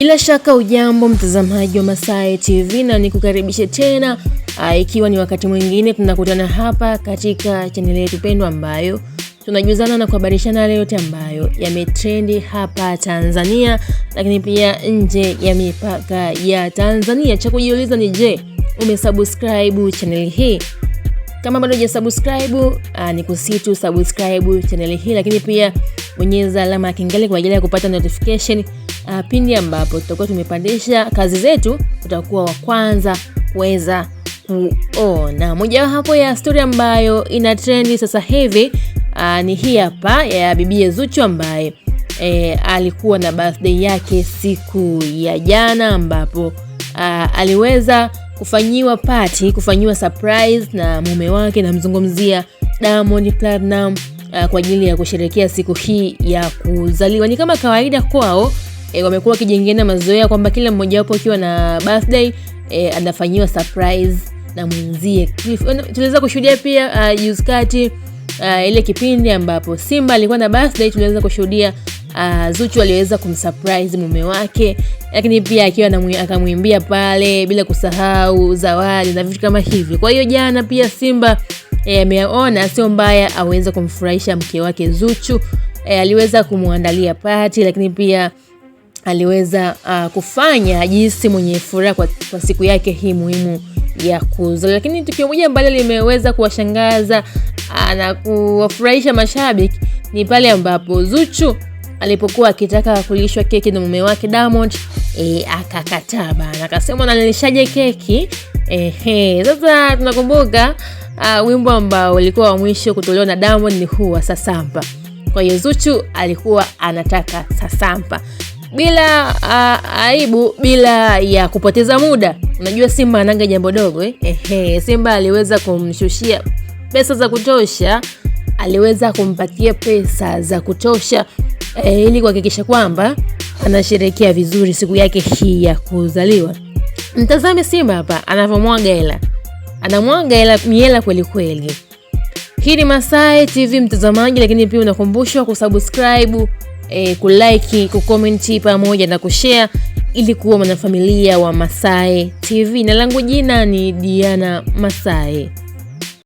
Bila shaka ujambo mtazamaji wa Masai TV na nikukaribishe tena ah, ikiwa ni wakati mwingine tunakutana hapa katika chaneli yetu pendwa ambayo tunajuzana na kuhabarishana yale yote ambayo yametrendi hapa Tanzania, lakini pia nje ya mipaka ya Tanzania. Cha kujiuliza ni je, umesubscribe chaneli hii? Kama bado hujasubscribe, ah, ni kusitu subscribe chaneli hii, lakini pia bonyeza alama ya kengele kwa ajili ya kupata notification uh, pindi ambapo tutakuwa tumepandisha kazi zetu, utakuwa wa kwanza kuweza kuona. Mojawapo ya stori ambayo ina trendi sasa hivi uh, ni hii hapa ya bibie Zuchu ambaye eh, alikuwa na birthday yake siku ya jana ambapo uh, aliweza kufanyiwa party, kufanyiwa surprise na mume wake, namzungumzia Diamond Platnumz kwa ajili ya kusherekea siku hii ya kuzaliwa. Ni kama kawaida kwao e, wamekuwa wakijengeana mazoea kwamba kila mmoja wapo akiwa na birthday e, anafanyiwa surprise na mwenzie. Tuliweza kushuhudia pia uh, juzi kati uh, ile kipindi ambapo Simba alikuwa na birthday, tuliweza kushuhudia uh, Zuchu aliweza kumsurprise mume wake, lakini pia akiwa akamwimbia pale, bila kusahau zawadi na vitu kama hivyo. Kwa hiyo jana pia Simba e, ameona sio mbaya aweze kumfurahisha mke wake Zuchu e, aliweza kumwandalia pati, lakini pia aliweza uh, kufanya jinsi mwenye furaha kwa, kwa siku yake hii muhimu ya kuzaliwa. Lakini tukio moja ambalo limeweza kuwashangaza uh, na kuwafurahisha mashabiki ni pale ambapo Zuchu alipokuwa akitaka kulishwa keki na mume wake Diamond e, akakataa bana, akasema nalilishaje keki ehe. Sasa tunakumbuka uh, wimbo ambao ulikuwa wa mwisho kutolewa na Diamond ni huu wa Sasampa. Kwa hiyo Zuchu alikuwa anataka Sasampa bila a, aibu, bila ya kupoteza muda. Unajua Simba ananga jambo dogo eh? Ehe, Simba aliweza kumshushia pesa za kutosha, aliweza kumpatia pesa za kutosha e, ili kuhakikisha kwamba anasherekea vizuri siku yake hii ya kuzaliwa. Mtazame Simba hapa anavyomwaga hela, anamwaga hela miela kweli kweli. Hii ni Masai TV mtazamaji, lakini pia unakumbushwa kusubscribe e, kulike, kukomenti pamoja na kushare ili kuwa mwanafamilia wa Masai TV, na langu jina ni Diana Masai.